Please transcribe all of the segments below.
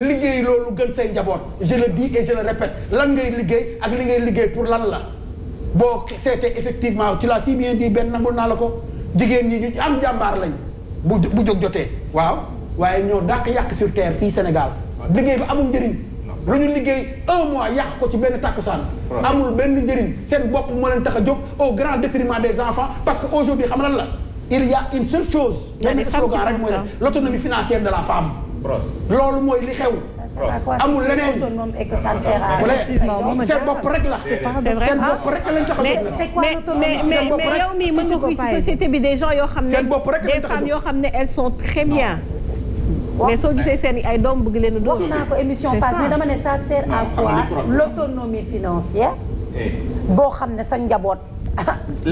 liggéey loolu gën say njaboot je le dis et je le répète lan ngay liggéey ak li liggéey pour lan la boo seetee effectivement tu l'as si bien dit benn nangul naa la ko jigéen ñi ñu am jàmbaar lañ bu bu jóg jotee waaw waaye ñoo dàq yàq sur terre fii Sénégal liggéey ba amul njëriñ lu ñu liggéey un mois yàq ko ci benn tàkkusaan amul benn njëriñ seen bopp moo leen tax a jóg au grand détriment des enfants parce que aujourd'hui xam lan la il y a une seule chose benn slogan rek mooy la femme loolu mooy li xew. amul leneen seen bopp rek la. seen bopp rek lañ tax a jóg mais mais yow mii mën nga ko ci société bi des gens yoo xam ne. seen bopp rek lañ tax a jóg des femmes yoo xam ne elles sont très bien. mais soo gisee seen ay doom bëgg leen a doon. wax naa ko émission pass mais dama ne ça sert à quoi l'autonomie financière. Eh. boo xam ne sa njaboot.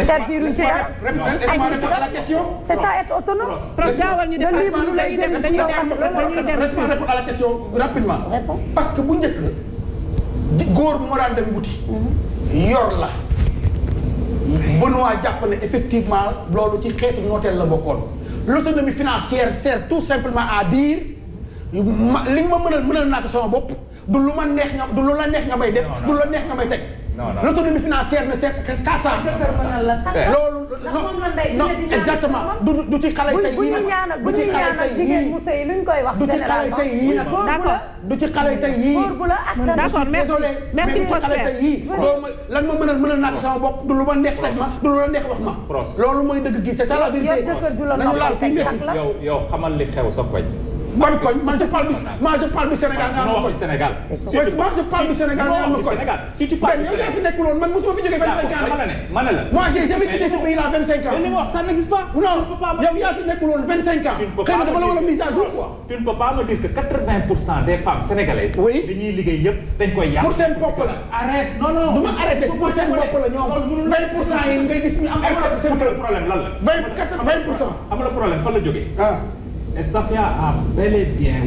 servir ci dara c'est ça être autonome. ñu def dañuy dem dañuy dem à la question rapidement. parce que bu njëkk di góor moo daan dem wuti. Mhm. yor la. Benoît jàpp ne effectivement loolu ci xeetu nooteel la bokkoon l'autonomie financière sert tout simplement à dire ma li nga ma mënal mënal naa ko sama bopp lu ma neex nga du lu la neex nga may def du lu la neex nga may teg. non non l'autonomie financière ne sert qu'à ça. Eh, loolu. non exactement du du ci xale tey yii nag bu ci xale tey yii du ci xale tey yii nag du ci xale tey yii. d'accord merci merci Prospère lan ma mën a mën a naan sama bopp du lu ma neex teg ma du lu la neex wax ma. loolu mooy dëgg gi c'est ça la vérité. yow yow xamal li xew sa koñ. man koñ man je parle du man je parle du Sénégal nga am ma koñ. Sénégal man je parle du Sénégal nga am ma koñ. si tu parles du Sénégal fi nekkul woon man mosuma fi jógee 25 ans de. ma ne la moi j'ai jamais quitté ce pays là 25 ans. mais li ma wax ça n'existe pas. non yow yaa fi nekkul woon 25 ans. xëy na dama la war a mise à jour quoi. tu ne peux pas me dire que 80 pour cent des femmes sénégalaises. oui li ñuy liggéey yëpp dañ koy yàq. pour seen bopp la. arrête non non du ma arrêté pour seen bopp la ñoom. 20 pour cent yi ngay gis ñu am. ay problème lan la 20 pour cent. xam nga le problème fan la jógee. Ah. et Safia a bel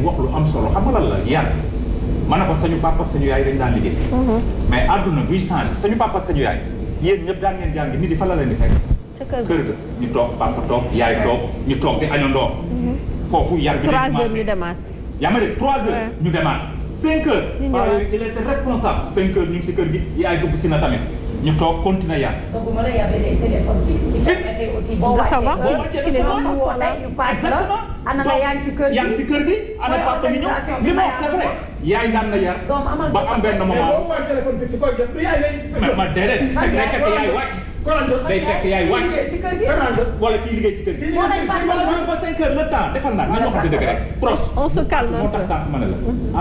wax lu am solo xam nga lan la yar ma ne ko sañu papa ak sañu yaay dañ daan liggéey. Mhm. mais àdduna buy changé sañu papa ak sañu yaay yéen ñëpp daan ngeen jàng nit di fa la leen di fekk. kër ga ñu toog papa toog yaay toog ñu toog di añandoo. Mhm. foofu yar bi dañ commencé 3 ñu demaat. yaa ma dégg 3 heures ñu demaat. 5 heures. ñu ñëwaat il était responsable. 5 heures ñu ngi si kër gi yaay dugg si na tamit ñu toog continuer yar. boo wàccee boo wàccee de sama woo tey nga yaa ngi ci kër gi yaa kër gi ana papa mi ñëw li ma wax yaay daan na yar ba am benn moment mais ma déedéet fekk day fekk yaay wàcc day fekk yaay wàcc wala kii liggéey defal naa li ma wax dëgg rek pros moo tax sànq ma ne la mm-hmm.